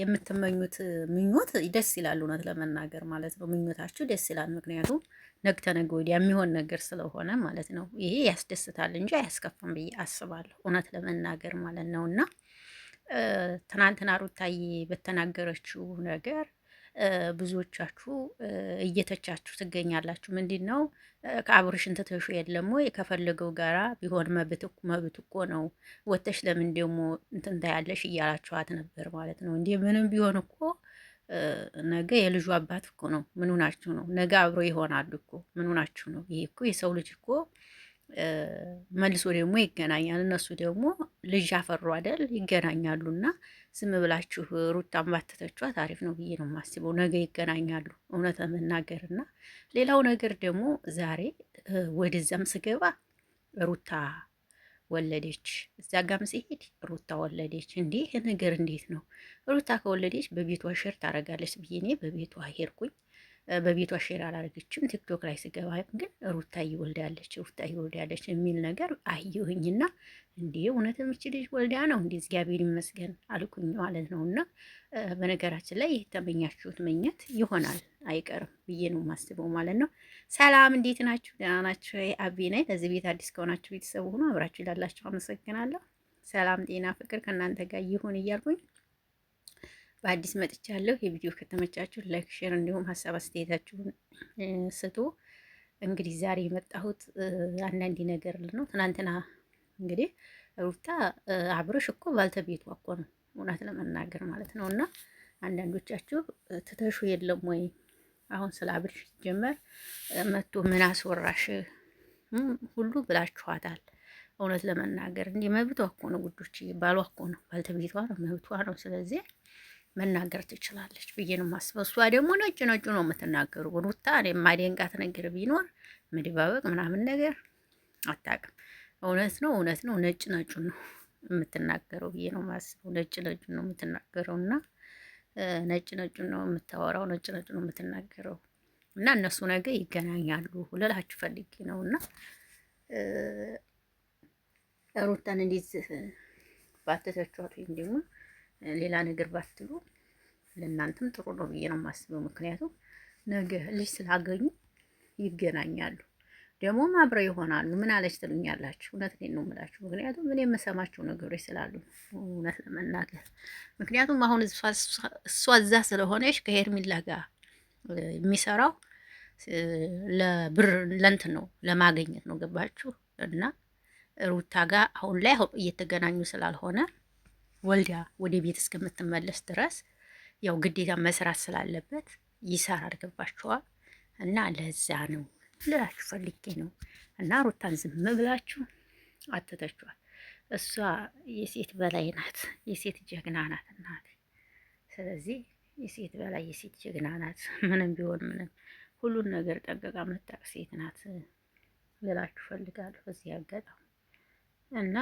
የምትመኙት ምኞት ደስ ይላል። እውነት ለመናገር ማለት ነው ምኞታችሁ ደስ ይላል። ምክንያቱም ነገ ተነገ ወዲያ የሚሆን ነገር ስለሆነ ማለት ነው። ይሄ ያስደስታል እንጂ አያስከፋም ብዬ አስባለሁ። እውነት ለመናገር ማለት ነው እና ትናንትና ሩታዬ በተናገረችው ነገር ብዙዎቻችሁ እየተቻችሁ ትገኛላችሁ። ምንድን ነው ከአብርሽን ትተሹ የለም ወይ? ከፈለገው ጋራ ቢሆን መብት እኮ ነው። ወተሽ ለምን ደግሞ እንትን ታያለሽ እያላችኋት ነበር ማለት ነው። እንዲህ ምንም ቢሆን እኮ ነገ የልጁ አባት እኮ ነው። ምኑ ናችሁ ነው? ነገ አብሮ ይሆናሉ እኮ ምኑ ናችሁ ነው? ይሄ እኮ የሰው ልጅ እኮ መልሶ ደግሞ ይገናኛል። እነሱ ደግሞ ልጅ አፈሩ አይደል? ይገናኛሉና ዝም ብላችሁ ሩታን ባተተቿት አሪፍ ነው ብዬ ነው የማስበው። ነገ ይገናኛሉ እውነት ለመናገር ሌላው ነገር ደግሞ ዛሬ ወደዛም ስገባ ሩታ ወለደች፣ እዛ ጋም ሲሄድ ሩታ ወለደች። እንዲህ ነገር እንዴት ነው? ሩታ ከወለደች በቤቷ ሸር ታደርጋለች ብዬ እኔ በቤቷ ሄድኩኝ። በቤቷ ሼር አላደረገችም። ቲክቶክ ላይ ስገባ ግን ሩታዬ ወልዳለች፣ ሩታዬ ወልዳለች የሚል ነገር አየሁኝና እንዲ እውነት እች ልጅ ወልዳ ነው እንዲ እግዚአብሔር ይመስገን አልኩኝ ማለት ነው። እና በነገራችን ላይ የተመኛችሁት መኘት ይሆናል አይቀርም ብዬ ነው ማስበው ማለት ነው። ሰላም፣ እንዴት ናችሁ? ደህና ናችሁ? አቤ ነኝ። ለዚህ ቤት አዲስ ከሆናችሁ ቤተሰቡ ሆኖ አብራችሁ ላላችሁ አመሰግናለሁ። ሰላም፣ ጤና፣ ፍቅር ከእናንተ ጋር ይሁን እያልኩኝ በአዲስ መጥቻለሁ። የቪዲዮ ከተመቻችሁ ላይክ፣ ሼር እንዲሁም ሀሳብ አስተያየታችሁን ስጡ። እንግዲህ ዛሬ የመጣሁት አንዳንድ ነገር ነው። ትናንትና እንግዲህ ሩታ አብርሽ እኮ ባልተቤቷ እኮ ነው እውነት ለመናገር ማለት ነው። እና አንዳንዶቻችሁ ትተሹ የለም ወይ አሁን ስለ አብርሽ ሲጀመር መቶ ምን አስወራሽ ሁሉ ብላችኋታል። እውነት ለመናገር እንዲህ መብቷ እኮ ነው፣ ጉዶች ባሏ እኮ ነው፣ ባልተቤቷ ነው፣ መብቷ ነው። ስለዚህ መናገር ትችላለች ብዬ ነው የማስበው። እሷ ደግሞ ነጭ ነጩ ነው የምትናገሩ ሩታ። እኔም ማደንቃት ነገር ቢኖር ምድባበቅ ምናምን ነገር አታውቅም። እውነት ነው እውነት ነው፣ ነጭ ነጩ ነው የምትናገረው ብዬ ነው የማስበው። ነጭ ነጩ ነው የምትናገረው እና ነጭ ነጩ ነው የምታወራው፣ ነጭ ነጩ ነው የምትናገረው እና እነሱ ነገር ይገናኛሉ ልላችሁ ፈልጌ ነው እና ሩታን እንዴት ባተተችኋት ወይም ደግሞ ሌላ ነገር ባትሉ ለእናንተም ጥሩ ነው ብዬ ነው የማስበው። ምክንያቱም ነገ ልጅ ስላገኙ ይገናኛሉ፣ ደግሞም አብረው ይሆናሉ። ምን አለች ትሉኛላችሁ። እውነት ነው የምላችሁ፣ ምክንያቱም እኔ የምሰማቸው ነገሮች ስላሉ እውነት ለመናገር ምክንያቱም አሁን እሷ እዛ ስለሆነች ከሄርሚላ ጋር የሚሰራው ለብር ለእንትን ነው ለማገኘት ነው ገባችሁ? እና ሩታ ጋር አሁን ላይ እየተገናኙ ስላልሆነ ወልዳ ወደ ቤት እስከምትመለስ ድረስ ያው ግዴታ መስራት ስላለበት ይሰራል። ገባችኋል? እና ለዛ ነው ልላችሁ ፈልጌ ነው። እና ሩታን ዝም ብላችሁ አትተችዋል እሷ የሴት በላይ ናት፣ የሴት ጀግና ናት እናት። ስለዚህ የሴት በላይ የሴት ጀግና ናት። ምንም ቢሆን ምንም ሁሉን ነገር ጠንቀቃ መታቅ ሴት ናት ልላችሁ ፈልጋለሁ በዚህ አጋጣሚ እና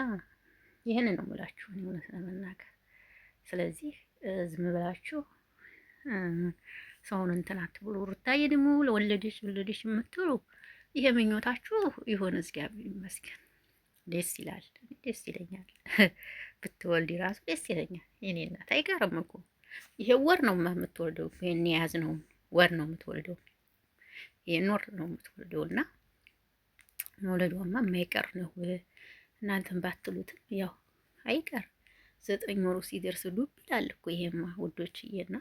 ይህን ነው የምላችሁ እውነት ለመናገር። ስለዚህ ዝም ብላችሁ ሰውን እንትን አትብሉ። ሩታዬ ደግሞ ለወለደች ወለደች የምትሉ ይሄ ምኞታችሁ ይሁን፣ እግዚአብሔር ይመስገን። ደስ ይላል፣ ደስ ይለኛል። ብትወልድ ራሱ ደስ ይለኛል። የኔ እናት አይገርም እኮ ይሄ ወር ነው የምትወልደው፣ ይሄን ያዝ ነው ወር ነው የምትወልደው፣ ይሄን ወር ነው የምትወልደው እና መውለዷማ የማይቀር ነው። እናንተን ባትሉትም ያው አይቀር ዘጠኝ ወሩ ሲደርስ ዱብ ይላል እኮ ይሄማ ውዶችዬና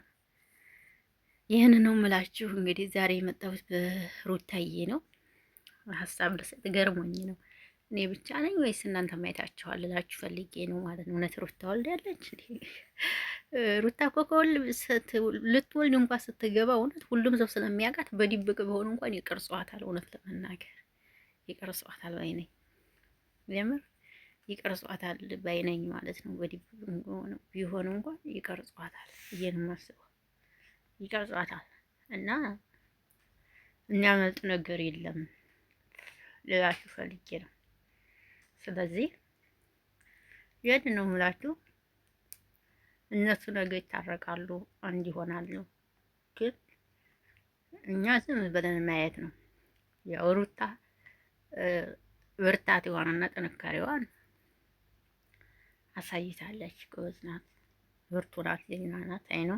ይህን ነው ምላችሁ። እንግዲህ ዛሬ የመጣሁት በሩታዬ ነው። ሀሳብ ልሰጥ ገርሞኝ ነው። እኔ ብቻ ነኝ ወይስ እናንተ ማየታችኋል ልላችሁ ፈልጌ ነው ማለት ነው። እውነት ሩታ ወልድ ያለች ሩታ እኮ ከወልድ ልትወልድ እንኳን ስትገባ እውነት ሁሉም ሰው ስለሚያውቃት በድብቅ በሆኑ እንኳን ይቀርጿታል። እውነት ለመናገር ይቀርጿታል። ወይኔ የምር ይቀርጿታል ባይነኝ ማለት ነው። ቢሆን እንኳን ይቀርጿታል ማስበው ይቀርጿታል እና የሚያመልጥ ነገር የለም ልላችሁ ፈልጌ ነው። ስለዚህ የት ነው ምላችሁ? እነሱ ነገ ይታረቃሉ፣ አንድ ይሆናሉ። ግን እኛ ዝም ብለን ማየት ነው። ያው ሩታ ብርታት የሆነና ጥንካሬዋን አሳይታለች። ጎበዝ ናት፣ ብርቱ ናት፣ ጀግና ናት። አይኖ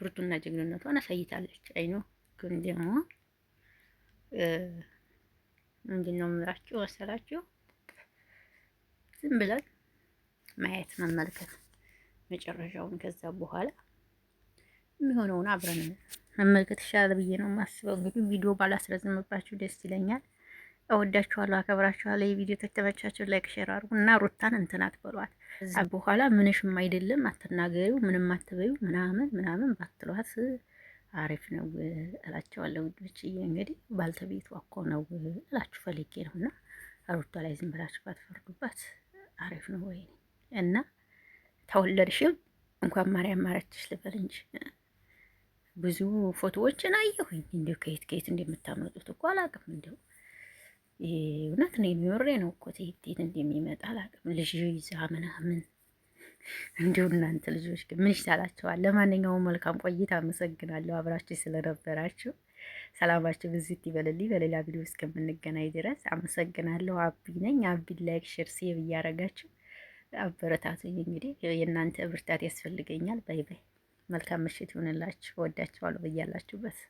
ብርቱና ጀግንነቷን አሳይታለች። አይኖ ግን ደግሞ ምንድን ነው የምላችሁ መሰላችሁ ዝም ብለን ማየት መመልከት መጨረሻውን ከዛ በኋላ የሚሆነውን አብረን መመልከት ይሻላል ብዬ ነው የማስበው። እንግዲህ ቪዲዮ ባላስረዝምባችሁ ደስ ይለኛል። እወዳችኋለሁ፣ አከብራችኋለሁ። የቪዲዮ ተተመቻችሁ ላይክ ሼር አድርጉ እና ሩታን እንትን አትበሏት። በኋላ ምንሽም አይደለም አትናገሪው፣ ምንም አትበዩ ምናምን ምናምን ባትሏት አሪፍ ነው እላቸዋለሁ። ውዶች እንግዲህ ባልተቤቱ እኮ ነው እላችሁ ፈልጌ ነው እና ሩታ ላይ ዝም ብላችሁ ባትፈርዱባት አሪፍ ነው ወይ እና ተወለድሽም እንኳን ማርያም ማረችሽ ልበል እንጂ ብዙ ፎቶዎችን አየሁኝ። እንዲሁ ከየት ከየት እንደምታመጡት እኮ አላውቅም እንዲሁ እውነት ነው የሚወሬ ነው እኮ ትሄድ እንደሚመጣ አላውቅም። ልጅ ይዛ ምናምን እንዲሁ እናንተ ልጆች ግን ምን ይሻላቸዋል? ለማንኛውም መልካም ቆይታ። አመሰግናለሁ አብራችሁ ስለነበራችሁ። ሰላማችሁ ብዝት ይበልልኝ። በሌላ ቪዲዮ እስከምንገናኝ ድረስ አመሰግናለሁ። አቢ ነኝ። አቢን ላይክ፣ ሽር፣ ሴብ እያረጋችሁ አበረታቱኝ። እንግዲህ የእናንተ ብርታት ያስፈልገኛል። ባይ ባይ። መልካም ምሽት ይሁንላችሁ። ወዳችኋለሁ በያላችሁበት።